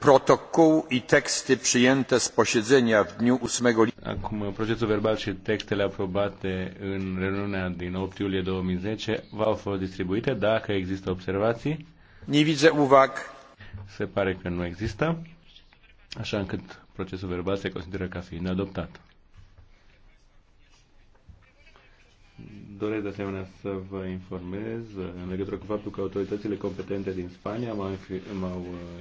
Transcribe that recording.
protokół i teksty przyjęte z posiedzenia w dniu Acum, procesul verbal și textele aprobate în reuniunea din 8 iulie 2010 v-au fost distribuite. Dacă există observații? Nie widzę uwag. Se pare că nu există, așa încât procesul verbal se consideră ca fiind adoptat. Doresc de asemenea să vă informez în legătură cu faptul că autoritățile competente din Spania m-au uh,